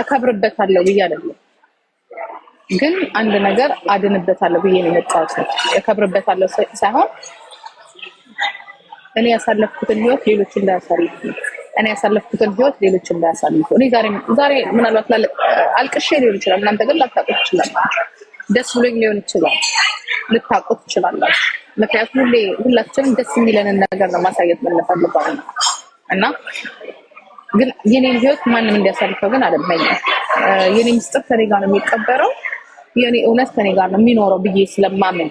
እከብርበታለሁ ብዬ አይደለም ግን አንድ ነገር አድንበታለሁ ብዬ ነው የመጣሁት። እከብርበታለሁ ሳይሆን እኔ ያሳለፍኩትን ህይወት ሌሎች እንዳያሳልፉ፣ እኔ ያሳለፍኩትን ህይወት ሌሎች እንዳያሳልፉ። እኔ ዛሬ ዛሬ ምናልባት አልቅሼ ሊሆን ይችላል፣ እናንተ ግን ላታውቁት ይችላል። ደስ ብሎኝ ሊሆን ይችላል፣ ልታውቁት ትችላላችሁ። ምክንያቱም ሁሌ ሁላችንም ደስ የሚለንን ነገር ነው ማሳየት የምንፈልገው ነው። እና ግን የኔን ህይወት ማንም እንዲያሳልፈው ግን አልመኝም። የኔ ምስጢር ከኔ ጋር ነው የሚቀበረው፣ የኔ እውነት ከኔ ጋር ነው የሚኖረው ብዬ ስለማምን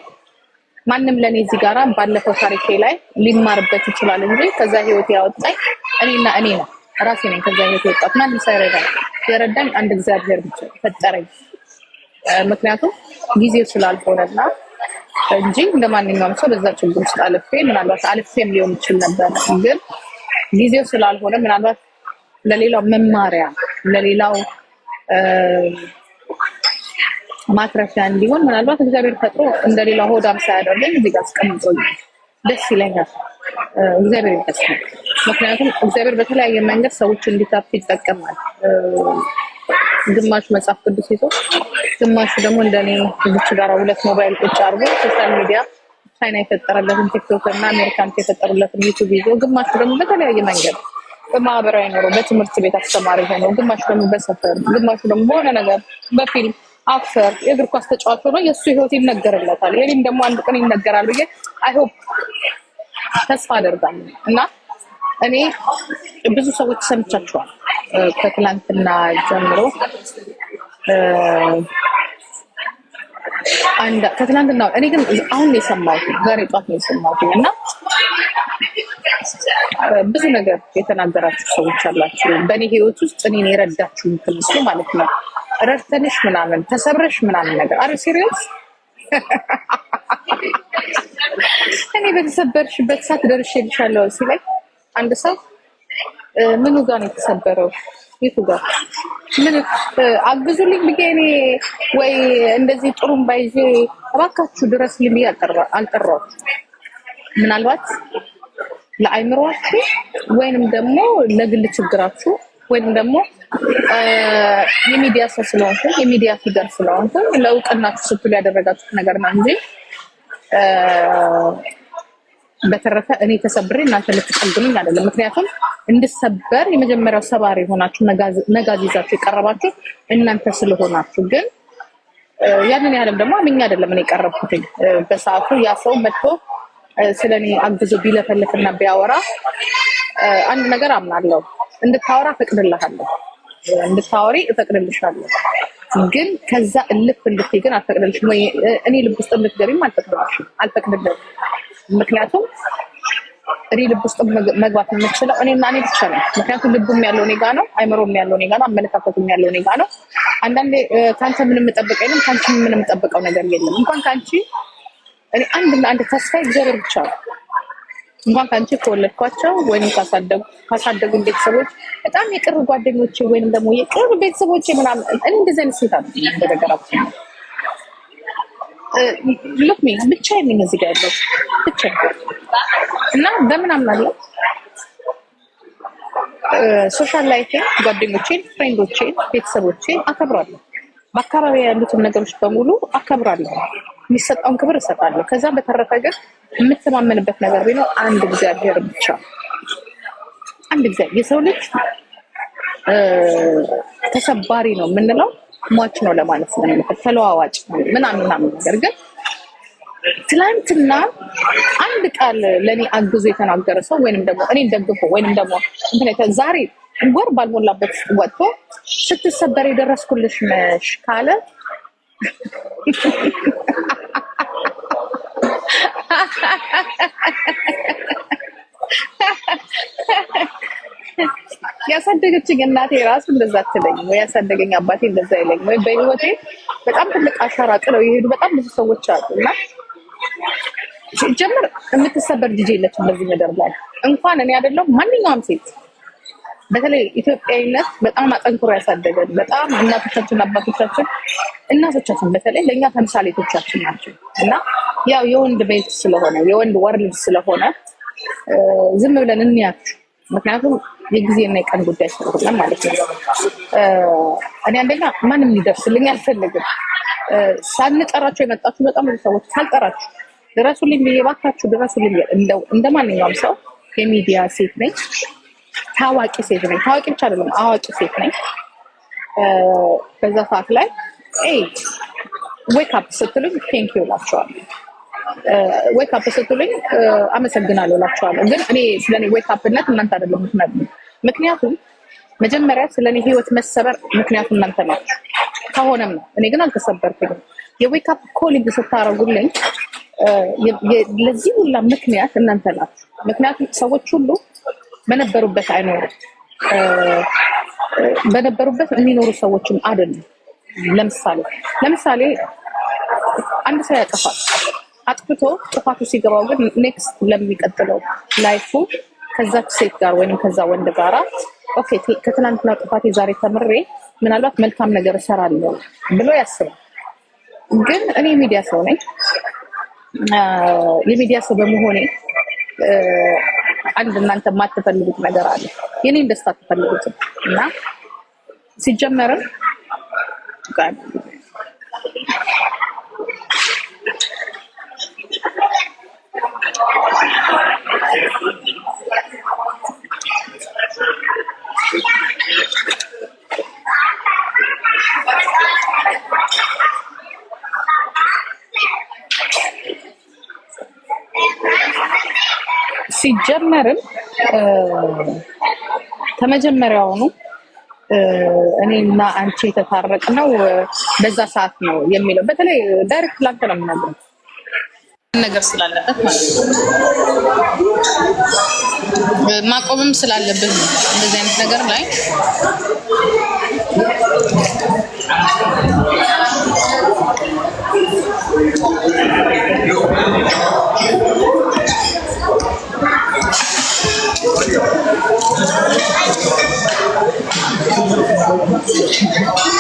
ማንም ለእኔ እዚህ ጋራ ባለፈው ታሪኬ ላይ ሊማርበት ይችላል እንጂ ከዛ ህይወት ያወጣኝ እኔና እኔ ነው ራሴ ነኝ። ከዛ ህይወት የወጣት ማንም ሳይረዳ የረዳኝ አንድ እግዚአብሔር ብቻ ፈጠረኝ። ምክንያቱም ጊዜው ስላልሆነና እንጂ እንደ ማንኛውም ሰው በዛ ችግር ውስጥ አልፌ ምናልባት አልፌም ሊሆን ይችል ነበር ግን ጊዜው ስላልሆነ ምናልባት ለሌላው መማሪያ ለሌላው ማትረፊያ እንዲሆን ምናልባት እግዚአብሔር ፈጥሮ እንደሌላው ሆዳም ሳያደርገኝ እዚህ ጋር አስቀምጦ ደስ ይለኛል። እግዚአብሔር ይመስገን። ምክንያቱም እግዚአብሔር በተለያየ መንገድ ሰዎች እንዲታፍ ይጠቀማል። ግማሹ መጽሐፍ ቅዱስ ይዞ፣ ግማሹ ደግሞ እንደኔ ልጅ ጋር ሁለት ሞባይል ቁጭ አድርጎ ሶሻል ሚዲያ ቻይና የፈጠረለትን ቲክቶክ እና አሜሪካን የፈጠሩለትን ዩቱብ ይዞ፣ ግማሹ ደግሞ በተለያየ መንገድ በማህበራዊ ኑሮ በትምህርት ቤት አስተማሪ ሆነው፣ ግማሹ ደግሞ በሰፈር፣ ግማሹ ደግሞ በሆነ ነገር በፊልም አክተር፣ የእግር ኳስ ተጫዋች ሆኖ የእሱ ህይወት ይነገርለታል። የኔም ደግሞ አንድ ቀን ይነገራል ብዬ አይሆፕ ተስፋ አደርጋለሁ እና እኔ ብዙ ሰዎች ሰምቻቸዋል ከትላንትና ጀምሮ ከትላንትና እኔ ግን አሁን የሰማሁት ዛሬ ጧት ነው የሰማሁት እና ብዙ ነገር የተናገራችሁ ሰዎች አላችሁ። በእኔ ህይወት ውስጥ እኔን የረዳችሁ የምትመስሉ ማለት ነው። ረድተንሽ ምናምን ተሰብረሽ ምናምን ነገር አረ ሲሪየስ እኔ በተሰበርሽበት ሰዓት ደርሼልሻለሁ ሲለኝ አንድ ሰው ምኑ ጋር ነው የተሰበረው የቱ ጋር ምን አግዙልኝ ብዬ እኔ ወይ እንደዚህ ጥሩምባ ይዤ እባካችሁ ድረሱልኝ ብዬ አልጠራኋችሁ። ምናልባት ለአይምሯችሁ ወይንም ደግሞ ለግል ችግራችሁ ወይንም ደግሞ የሚዲያ ሰው የሚዲያ ፊገር ስለሆንኩኝ ለእውቅናችሁ ስትሉ ያደረጋችሁት ነገር ነው እንጂ በተረፈ እኔ ተሰብሬ እናንተ ልትቀልዱኝ አይደለም። ምክንያቱም እንድሰበር የመጀመሪያው ሰባሪ የሆናችሁ መጋዝ ይዛችሁ የቀረባችሁ እናንተ ስለሆናችሁ፣ ግን ያንን ያህልም ደግሞ አምኜ አይደለም እኔ የቀረብኩትኝ። በሰዓቱ ያ ሰው መጥቶ ስለ እኔ አግዞ ቢለፈልፍና ቢያወራ አንድ ነገር አምናለሁ። እንድታወራ እፈቅድልሃለሁ፣ እንድታወሪ እፈቅድልሻለሁ። ግን ከዛ እልፍ እንድትይ ግን አልፈቅድልሽም። እኔ ልብ ውስጥ እንድትገቢም አልፈቅድልሽም፣ አልፈቅድልሽም ምክንያቱም እኔ ልብ ውስጥ መግባት የምችለው እኔና እኔ ብቻ ነው። ምክንያቱም ልቡም ያለው እኔ ጋ ነው፣ አይምሮም ያለው እኔ ጋ ነው፣ አመለካከቱም ያለው እኔ ጋ ነው። አንዳንዴ ከአንተ ምንም የምጠብቀው የለም፣ ከአንቺ ምንም የምጠብቀው ነገር የለም። እንኳን ከአንቺ እኔ አንድና አንድ ተስፋ እግዚአብሔር ብቻ ነው። እንኳን ከአንቺ ከወለድኳቸው ወይም ካሳደጉ ቤተሰቦች በጣም የቅርብ ጓደኞች ወይም ደግሞ የቅርብ ቤተሰቦች ምናምን እንደዚህ አይነት ሴት ነው በነገራችን ሉክ ሚ ብቻ የሚን እዚህ ጋር ያለው ብቻ እና በምን አምናለሁ ሶሻል ላይፌን፣ ጓደኞቼን፣ ፍሬንዶቼን፣ ቤተሰቦቼን አከብራለሁ። በአካባቢ ያሉትን ነገሮች በሙሉ አከብራለሁ። የሚሰጠውን ክብር እሰጣለሁ። ከዛ በተረፈ ግን የምተማመንበት ነገር ቢኖር አንድ እግዚአብሔር ብቻ። አንድ እግዚአብሔር የሰው ልጅ ተሰባሪ ነው የምንለው ሟች ነው ለማለት ስለምንፈል ተለዋዋጭ ምናምን ምናምን ነገር ግን ትላንትና አንድ ቃል ለእኔ አግዞ የተናገረ ሰው ወይንም ደግሞ እኔን ደግፎ ወይንም ደግሞ ዛሬ ወር ባልሞላበት ወጥቶ ስትሰበር የደረስኩልሽ ነሽ ካለ ያሳደገችኝ እናቴ ራሱ እንደዛ አትለኝም ወይ ያሳደገኝ አባቴ እንደዛ አይለኝም ወይ በህይወቴ በጣም ትልቅ አሻራ ጥለው የሄዱ በጣም ብዙ ሰዎች አሉ እና ሲጀምር የምትሰበር ልጅ የለችም በዚህ ምድር ላይ እንኳን እኔ አይደለሁም ማንኛውም ሴት በተለይ ኢትዮጵያዊነት በጣም አጠንክሮ ያሳደገን በጣም እናቶቻችን አባቶቻችን እናቶቻችን በተለይ ለእኛ ተምሳሌቶቻችን ናቸው እና ያው የወንድ ቤት ስለሆነ የወንድ ወርልድ ስለሆነ ዝም ብለን እንያችሁ ምክንያቱም የጊዜና የቀን ጉዳይ ስለሆነ ማለት ነው። እኔ አንደኛ ማንም ሊደርስልኝ አልፈልግም። ሳንጠራቸው የመጣችሁ በጣም ብዙ ሰዎች ካልጠራችሁ ድረሱልኝ ብዬ እባካችሁ ድረሱልኝ እንደው እንደ ማንኛውም ሰው የሚዲያ ሴት ነኝ። ታዋቂ ሴት ነኝ። ታዋቂ ብቻ አይደለም አዋቂ ሴት ነኝ። በዛ ሰዓት ላይ ዌክ አፕ ስትሉኝ ቴንኪው እላቸዋለሁ። ዌክ uh, ስትሉኝ uh, አመሰግናለሁ እላቸዋለሁ። ግን እኔ ስለ እኔ እናንተ አይደለም ምክንያት ምክንያቱም መጀመሪያ ስለ ህይወት መሰበር ምክንያቱ እናንተ ናችሁ ከሆነም ነው። እኔ ግን አልተሰበርኩኝም። የዌክ አፕ ኮሊንግ ስታረጉልኝ uh, ለዚህ ሁላ ምክንያት እናንተ ናት። ምክንያቱም ሰዎች ሁሉ በነበሩበት አይኖሩም፣ በነበሩበት የሚኖሩ ሰዎችም አይደሉም። ለምሳሌ ለምሳሌ አንድ ሰው ያጠፋል አጥፍቶ ጥፋቱ ሲገባው ግን ኔክስት ለሚቀጥለው ላይፉ ከዛች ሴት ጋር ወይም ከዛ ወንድ ጋራ ኦኬ ከትናንትና ጥፋቴ ዛሬ ተምሬ ምናልባት መልካም ነገር እሰራለሁ ብሎ ያስባል። ግን እኔ የሚዲያ ሰው ነኝ። የሚዲያ ሰው በመሆኔ አንድ እናንተ የማትፈልጉት ነገር አለ። የኔን ደስታ አትፈልጉትም እና ሲጀመርም ሲጀመርም ከመጀመሪያውኑ እኔና አንቺ የተታረቅ ነው በዛ ሰዓት ነው የሚለው። በተለይ ዳይሬክት ላንተ ነው የምናገር ነገር ስላለበት ማለት ነው ማቆምም ስላለብህ እንደዚህ አይነት ነገር ላይ